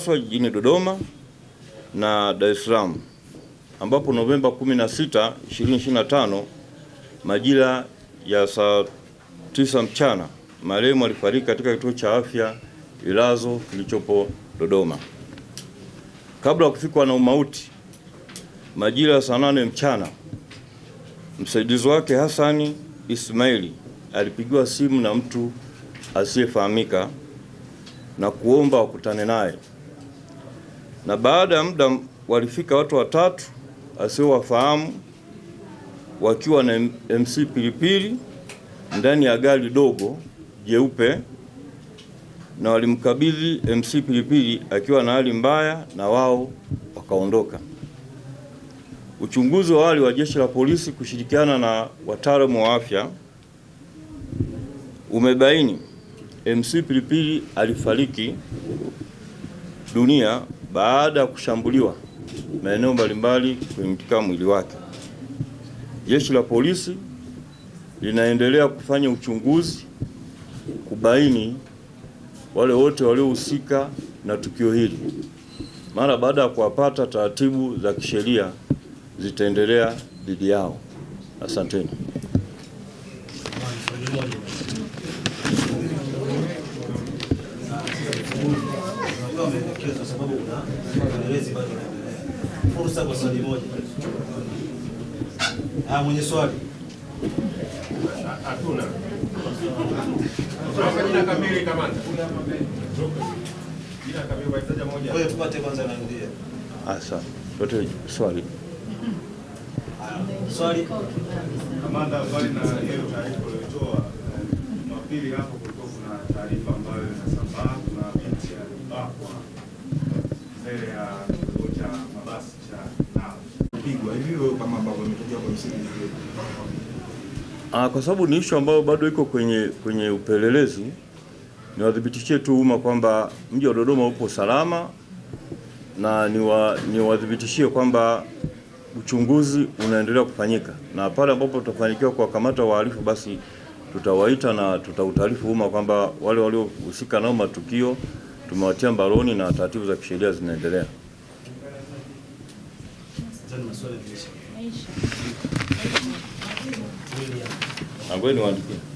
Sasa jijini Dodoma na Dar es Salaam ambapo Novemba 16, 2025 majira ya saa 9 mchana marehemu alifariki katika kituo cha afya Ilazo kilichopo Dodoma. Kabla ya kufikwa na umauti majira ya saa 8 mchana, msaidizi wake Hasani Ismaili alipigiwa simu na mtu asiyefahamika na kuomba wakutane naye na baada ya muda walifika watu watatu asiowafahamu wakiwa na MC Pilipili ndani ya gari dogo jeupe, na walimkabidhi MC Pilipili akiwa na hali mbaya, na wao wakaondoka. Uchunguzi wa awali wa Jeshi la Polisi kushirikiana na wataalamu wa afya umebaini MC Pilipili alifariki dunia baada ya kushambuliwa maeneo mbalimbali kuimtika mwili wake. Jeshi la polisi linaendelea kufanya uchunguzi kubaini wale wote waliohusika na tukio hili. Mara baada ya kuwapata, taratibu za kisheria zitaendelea dhidi yao. Asanteni. shule kwa sababu kuna upelelezi bado unaendelea. Fursa kwa swali moja. Ah, mwenye swali. Hatuna. Kwa jina kamili kamanda. Jina kamili waitaja moja. Wewe tupate kwanza na ndiye. Wote swali. Ah, swali. Kamanda, swali na hiyo taarifa uliyotoa Jumapili hapo kulikuwa kuna taarifa ambayo inasambaa kupigwa hivi kama ambavyo Ah, kwa sababu ni issue ambayo bado iko kwenye kwenye upelelezi, niwathibitishie tu umma kwamba mji wa Dodoma upo salama na niwathibitishie ni kwamba uchunguzi unaendelea kufanyika na pale ambapo tutafanikiwa kuwakamata wahalifu basi tutawaita na tutautaarifu umma kwamba wale waliohusika nao matukio tumewatia mbaroni na taratibu za kisheria zinaendelea. Maisha. Maisha. Maisha.